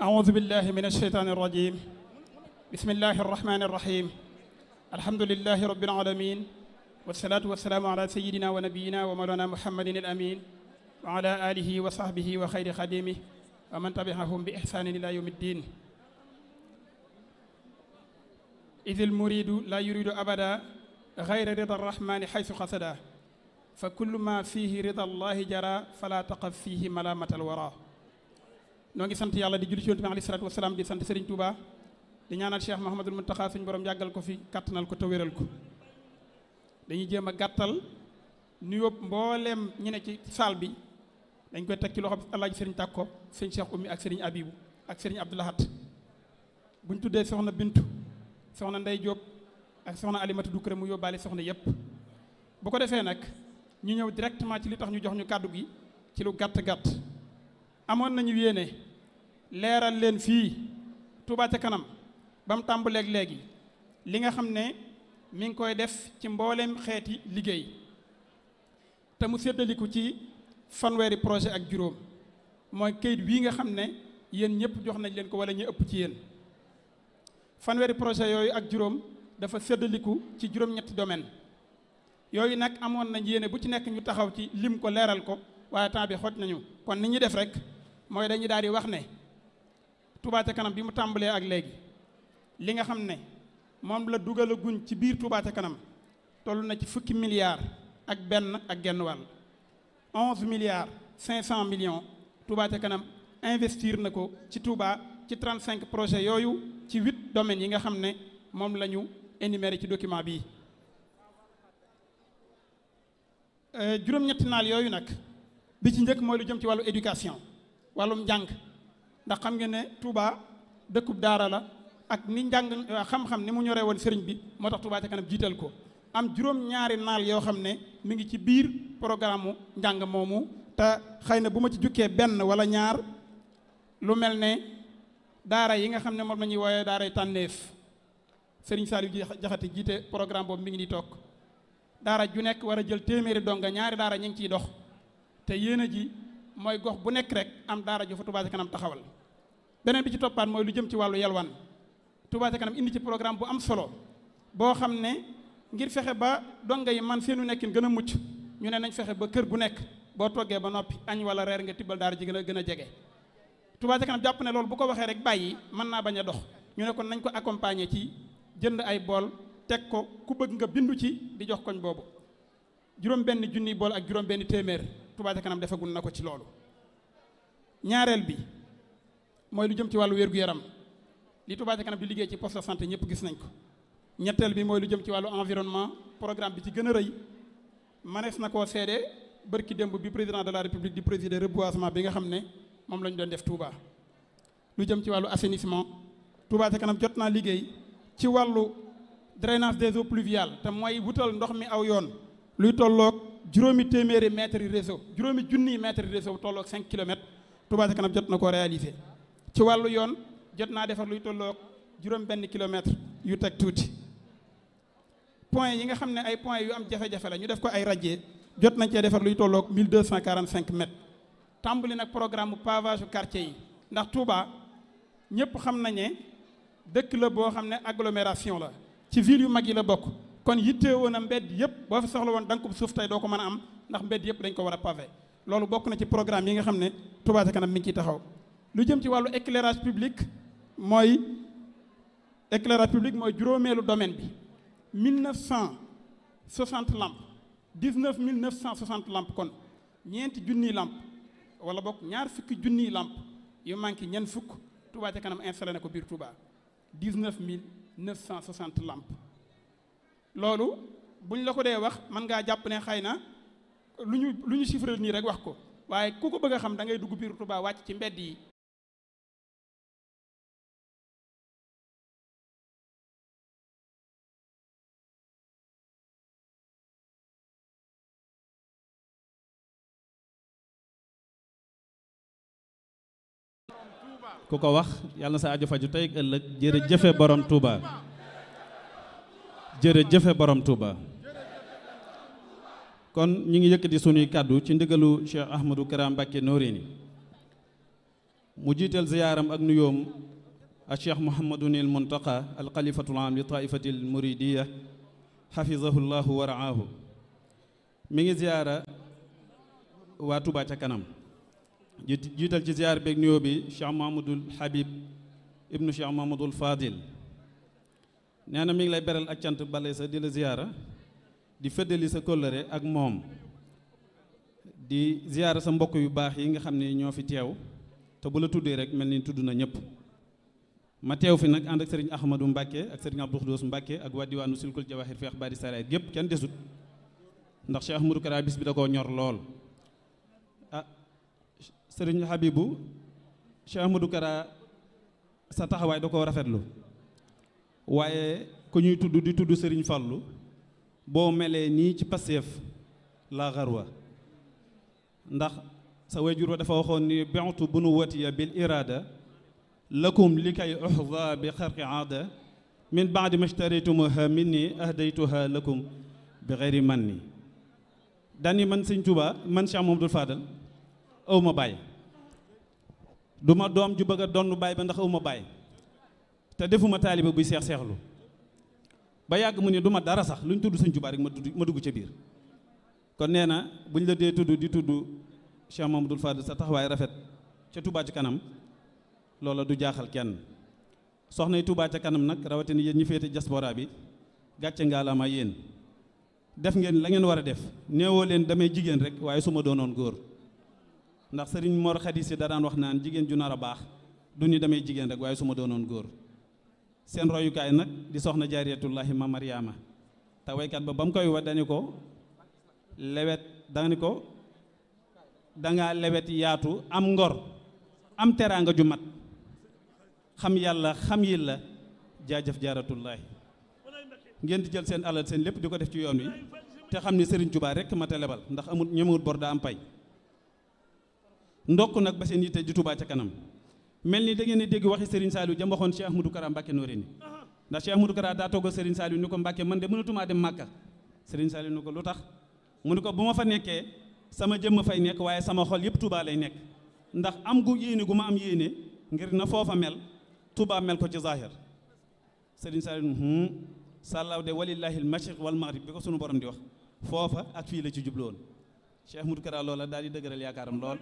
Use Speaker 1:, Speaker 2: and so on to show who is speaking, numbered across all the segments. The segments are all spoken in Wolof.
Speaker 1: أعوذ بالله من الشيطان الرجيم بسم الله الرحمن الرحيم الحمد لله رب العالمين والصلاة والسلام على سيدنا ونبينا ومولانا محمد الأمين وعلى آله وصحبه وخير خديمه ومن تبعهم بإحسان إلى يوم الدين إذ المريد لا يريد أبدا غير رضا الرحمن حيث قصدا فكل ما فيه رضا الله جرى فلا تقف فيه ملامة الورى noo ngi sant yàlla di julli ci yonent bi alayhi salaatu wa salaam di sant Serigne Touba di ñaanal Cheikh Mouhamadul Mountakha suñu borom yàggal ko fi kattanal ko te wéral ko dañuy jéem a gàttal nuyoo mbooleem ñu ne ci saal bi dañ koy teg ci loxo Alaaji Serigne ko Serigne Cheikh Oumy ak Serigne Abibou ak Serigne Abdou Lahat buñ tuddee soxna Bintu soxna Ndey Diop ak soxna Alimatu Dukure mu yóbbaale soxna yépp bu ko defee nag ñu ñëw directement ci li tax ñu jox ñu kàddu gi ci gàtt gàtt leeral leen fii Touba ca kanam ba mu tàmbaleeg léegi li nga xam ne mi ngi koy def ci mbooleem xeeti liggéey te mu séddaliku ci fanweeri projet ak juróom mooy kayit wii nga xam ne yéen ñëpp jox nañ leen ko wala ñu ëpp ci yéen fanweeri projet yooyu ak juróom dafa séddaliku ci juróom-ñetti domaine yooyu nag amoon nañ yéene bu ci nekk ñu taxaw ci lim ko leeral ko waaye temps bi xooj nañu kon ni ñuy def rek mooy dañuy daal di wax ne Touba ca kanam bi mu tàmbalee ak léegi li nga xam ne moom la dugal a guñ ci biir Touba kanam toll na ci fukki milliards ak benn ak genn wàll onze milliards cinq cent millions Touba ca kanam investir na ko ci Touba ci trente cinq projets yooyu ci huit domaines yi nga xam ne moom la ñu énuméré ci document bii euh, juróom-ñetti naal yooyu nag bi ci njëkk mooy lu jëm ci wàllu éducation wàllum njàng ndax xam ngeen ne Touba dëkkub daara la ak ni njàng euh, xam-xam ni mu ñoree woon sëriñ bi moo tax Touba ca kanam jiital ko am juróom-ñaari naal yoo xam ne mi ngi ci biir programme mu njàng moomu te xëy na bu ma ci jukkee benn wala ñaar lu mel ne daara yi nga xam ne moom la ñuy wooyee daaray tànneef sëriñ Saliou Jaxate jiite programme boobu mi ngi di toog daara ju nekk war a jël téeméeri donga ñaari daara ñu ngi ciy dox te yéen a ji mooy gox bu nekk rek am daara ju fa kanam taxawal beneen bi ci toppaat mooy lu jëm ci wàllu yalwaan Touba ca kanam indi ci programme bu am solo boo xam ne ngir fexe ba donga yi man seenu nekkin gën a mucc ñu ne nañ fexe ba kër bu nekk boo toggee ba noppi añ wala reer nga tibbal daara ji gën a gën a jege Touba kanam jàpp ne loolu bu ko waxee rek bàyyi mën naa bañ a dox ñu ne kon nañ ko accompagner ci jënd ay bool teg ko ku bëgg nga bindu ci di jox koñ boobu juróom benn junniy bool ak juróom benn téeméer Touba ca defagul na ko ci loolu ñaareel bi mooy lu jëm ci wàllu wérgu yaram li Touba ca kanam di liggéey ci poste de santé ñëpp gis nañ ko ñetteel bi mooy lu jëm ci wàllu environnement programme bi ci gën a rëy manees na koo seede bërki démb bi président de la république di présider reboisement bi nga xam ne moom la ñu def Touba lu jëm ci wàllu assainissement Touba ca kanam jot naa liggéey ci wàllu drainage des eaux pluviales te mooy wutal ndox mi aw yoon luy tolloog juróomi téeméeri mètres réseau juróomi junniy mètres réseau tolloog 5 kilomètres Touba ca kanam jot na koo réaliser ci wàllu yoon jot naa defar luy tolloog juróom benn kilomètre yu teg tuuti point yi nga xam ne ay point yu am jafe-jafe la ñu def ko ay radier jot nañ cee defar luy tolloog 1245 mètres tàmbali nag programme pavage quartier yi ndax Touba ñëpp xam nañ ne dëkk la boo xam ne agglomération la ci ville yu mag yi la bokk kon woon na mbedd yëpp boo fi soxla woon dank suuf tey doo ko mën a am ndax mbedd yëpp dañ ko war a pavé loolu bokk na ci programme yi nga xam ne Touba kanam mi ngi ciy taxaw lu jëm ci wàllu éclairage publique mooy éclairage public mooy juróomeelu domaine bi mille neuf cent soixante lampes dix-neuf mille neuf cent soixante kon ñeenti junniy làmp wala bokk ñaar fukki junniy làmp yu manqué ñen fukk Touba ca kanam installé na ko biir Touba dix-neuf mille neuf cent soixante lampes loolu buñ la ko dee wax mën ngaa jàpp ne xay na lu ñu lu ñu chiffré nii rek wax ko waaye ku ko bëgg a xam da ngay dugg biir Touba wàcc ci mbedd yi
Speaker 2: ku ko wax yàlla na sa aju faju tey ëllëg jërëjëfe borom Touba jërëjëfe borom Touba kon ñu ngi yëkkati suñuy kàddu ci ndigalu Cheikh Ahmadou Kara Mbacké Noreyni mu jiital ziyaaram ak nuyoom a Cheikh Mouhamadounil Mountakha al xalifatul aam li taifatil muridiya xafizahu llahu waraahu mi ngi ziyaara waa tubaa ca kanam jiital ci ziyaar beeg nuyoo bi Cheikh Mahmoudul Habib ibnu Cheikh Mahmoudul Fadil nee na mi ngi lay beral ak cant bale sa di la ziyaara di feddali sa kóllëre ak moom di ziyaara sa mbokk yu baax yi nga xam ne ñoo fi teew te bu la tuddee rek mel ni tudd na ñëpp ma teew fi nag ànd ak sëriñ Ahmadou Mbacke ak sëriñ Abdou Khoudoss Mbacke ak waa diwaanu silkul jawahir fi axbaari saraayit yëpp kenn desut ndax Cheikh Ahmadou Kara bi da koo ñor lool sëriñ Habibou Cheikh Amadou Kara sa taxawaay da ko rafetlu waaye ku ñuy tudd di tudd sëriñ Fallou boo melee nii ci Pastef la xarwa ndax sa wayjur wa dafa waxoon ni bentu bu nu watiya bil irada lakum li kay uhda bi xarqi aada min baadi mashtaritumaha min ni ahdaytuha lakum bi xeyri man ni dani man sëñ Tuuba man Cheikh Mamadou Fadal aw ma baay du ma doom ju bëgg a donn baay ba ndax aw ma baay te defuma taaliba buy seex seexlu ba yàgg mu ne du ma dara sax lu ñu tudd sëñ Tuubaa rek ma dugg ma ca biir kon nee na buñ la dee tudd di tudd moom dul Fadil sa taxawaay rafet ca Touba ca kanam loola du jaaxal kenn soxnay Touba ca kanam nag rawatin yéen ñu féete jaspooraa bi gàcce ma yéen def ngeen la ngeen war a def néewoo leen damay jigéen rek waaye su ma doonoon góor ndax sëriñ Mor Khady si da daan wax naan jigéen ju nar a baax du ni damay jigéen rek waaye su ma doonoon góor seen royukaay nag di soxna jaariyatullahi ma Mariama te waykat ba ba mu koy wax dañu ko lewet dañu ko danga lewet yaatu am ngor am teraanga ju mat xam yàlla xam yi la jaajëf jaaratullahi ngeen di jël seen alal seen lépp di ko def ci yoon wi te xam ni Serigne Touba rek mata lebal ndax amul ñemewut bor daa am pay ndokk nag ba seen yitte ji Touba ca kanam mel ni dangeen ngeen dégg waxi Serigne Saliou jëm seex Cheikh Ahmadou Kara Mbacke Noreyni ndax Cheikh Ahmadou Kara daa togg Serigne Saliou ni ko Mbacke man de mënatumaa dem Màkka Serigne Saliou ni ko lu tax mu ni ko bu ma fa nekkee sama jëmm fay nekk waaye sama xol yëpp Touba lay nekk ndax am gu yéene gu ma am yéene ngir na foofa mel Touba mel ko ci zahir Serigne Saliou hmm, sàllaaw de walillaahi al-mashriq wal maghrib bi ko borom di wax foofa ak fii la ci jubloon Cheikh Ahmadou Kara loola daal di dëgëral yaakaaram lool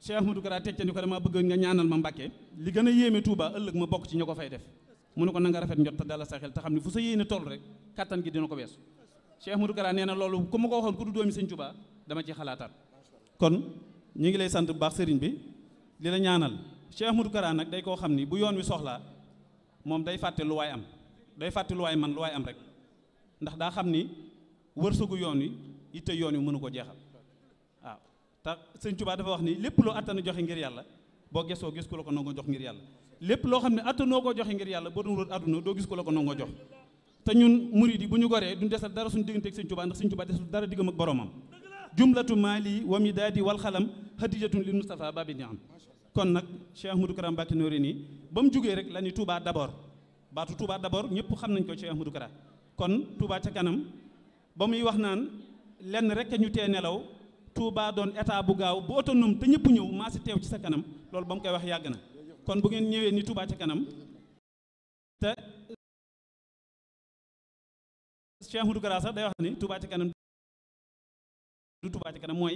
Speaker 2: Cheikh Ahmadou Kara teg ni ko dama bëgg nga ñaanal ma Mbàkke li gën a yéeme Touba ëllëg ma bokk ci ña ko fay def mu ne ko na nga rafet njot te dala sa xel te xam ne fu sa yéene toll rek kattan gi dina ko weesu Cheikh Ahmadou Kara nee na loolu ku ma ko waxoon ku du doomi sëñ Touba dama ci xalaataat kon ñu ngi lay sant bu baax sëriñ bi dina ñaanal Cheikh Ahmadou Kara nag day koo xam ni bu yoon wi soxlaa moom day fàtte lu waay am day fàtte lu waay man lu waay am rek ndax daa xam ni wërsëgu yoon wi itte yoon wi mënu ko jeexal tax sëñ Tuubaa dafa wax ni lépp loo attanu joxe ngir yàlla boo gesoo gis ku la ko nangoo jox ngir yàlla lépp loo xam ne attanoo koo joxe ngir yàlla boo doon wër àdduna doo gis ku la ko nangoo jox te ñun murid yi bu ñu goree duñ desal dara suñu diggante ak sëñ Tuubaa ndax sëñ Tuubaa desul dara diggam ak boromam jumlatu maali wa midaadi wal xalam hadijatun lil Mustafa babi niam kon nag Cheikh Ahmadou Kara Mbacké nii ba mu jógee rek la ni Touba d'abord baatu Touba d'abord ñëpp xam nañ ko Cheikh Ahmadou Kara kon Touba ca kanam ba muy wax naan lenn rek ñu tee nelaw Touba doon état bu gaaw bu autonome te ñëpp ñëw maa si teew ci sa kanam loolu ba mu koy wax yàgg na kon bu ngeen ñëwee ni Touba ca kanam te Cheikh Moudou Gara day wax ni Touba ca kanam du mooy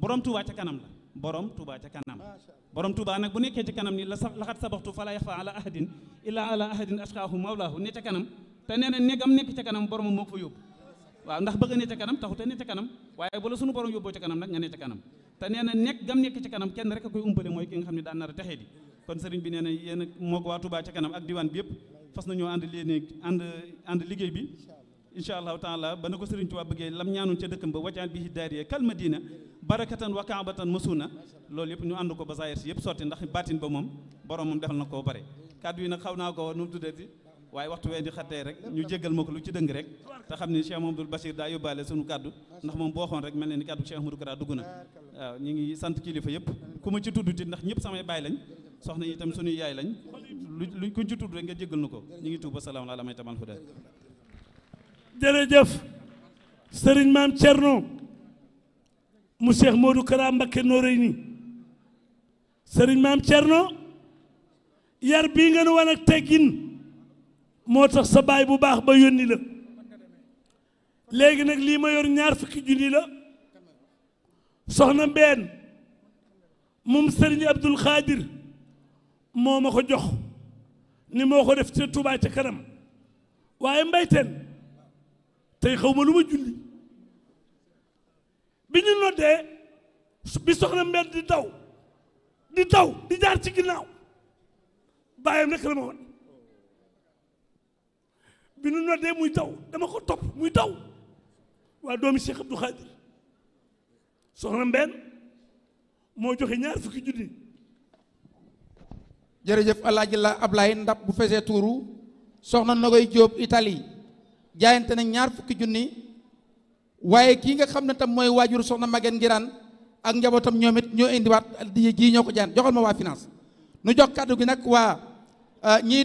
Speaker 2: borom Touba ca kanam la borom Touba ca kanam borom Touba nag bu nekkee ci kanam ni la sax laxat sabaxtu fala yaxfa ala ahadin illa ala ahadin ashqaahu mawlaahu ne ca kanam te nee na nekk ca kanam boromam moo ko fa yóbbu waaw ndax bëgg a ne ca kanam taxut a ne ca kanam waaye bu la suñu borom yóbboo ca nga ne ca kanam te nee na nekk gam nekk ci kanam kenn rek a koy umpale mooy ki nga xam ne daan nar a texee di kon sëriñ bi nee na yéen a moog waa Touba ca kanam ak diwaan bi yëpp fas nañoo ànd léene ànd ànd liggéey bi incha allahu taala ba na ko sëriñ Touba bëggee lam ñaanoon ca dëkkam ba wacaan bi daariye kal madina barakatan wa kaabatan masuuna loolu yëpp ñu ànd ko ba zaahir si yëpp sotti ndax baatin ba moom borom moom defal na koo bare kàddu yi xaw naa ko nu mu tuddati waaye waxtu wee di xattee rek ñu jéggal ma ko lu ci dëng rek te xam ne Cheikh Mamadou Bachir daa yóbbaale sunu kàddu ndax moom boo xoon rek mel ne ni kaddu Cheikh Amadou Kara dugg na waaw ñu ngi sant kilifa yëpp ku ma ci tudd ti ndax ñëpp samay baay lañ soxna yi itam suñuy yaay lañ lu kuñ ci tudd rek nga jéggal nu ko ñu ngi tuuba salaam ala may tamal huda jërëjëf sëriñ maam Thierno mu Cheikh Modou Kara Mbacké Noreyni sëriñ maam Thierno yar bii nga moo tax sa baay bu baax ba yónni la léegi nag lii ma yor ñaar fukki junni la soxna mbeen moom sëriñ Abdul Xaadir moo ma ko jox ni moo ko def ca Tuubaa ci kanam waaye mbayteen tey xaw ma lu ma julli bi ñu noddee bi soxna mbeen di daw di daw ci ginnaaw bàyyam rek la ma woon bi nu noddee muy taw dama ko topp muy taw waa doomi Cheikh Abdou Khadir soxna Mbène moo joxe ñaar fukki junni jërëjëf alaaji la Ablaye bu fesee tuuru soxna Nogoy Jóob Italie jaayante na ñaar fukki junni waaye kii nga xam ne tam mooy waajur soxna Maguen Ngiraan ak njabootam ñoomit it ñoo indiwaat di jii ñoo ko jaan joxal ma waa finance nu jox kàddu gi nag waa ah, ñii di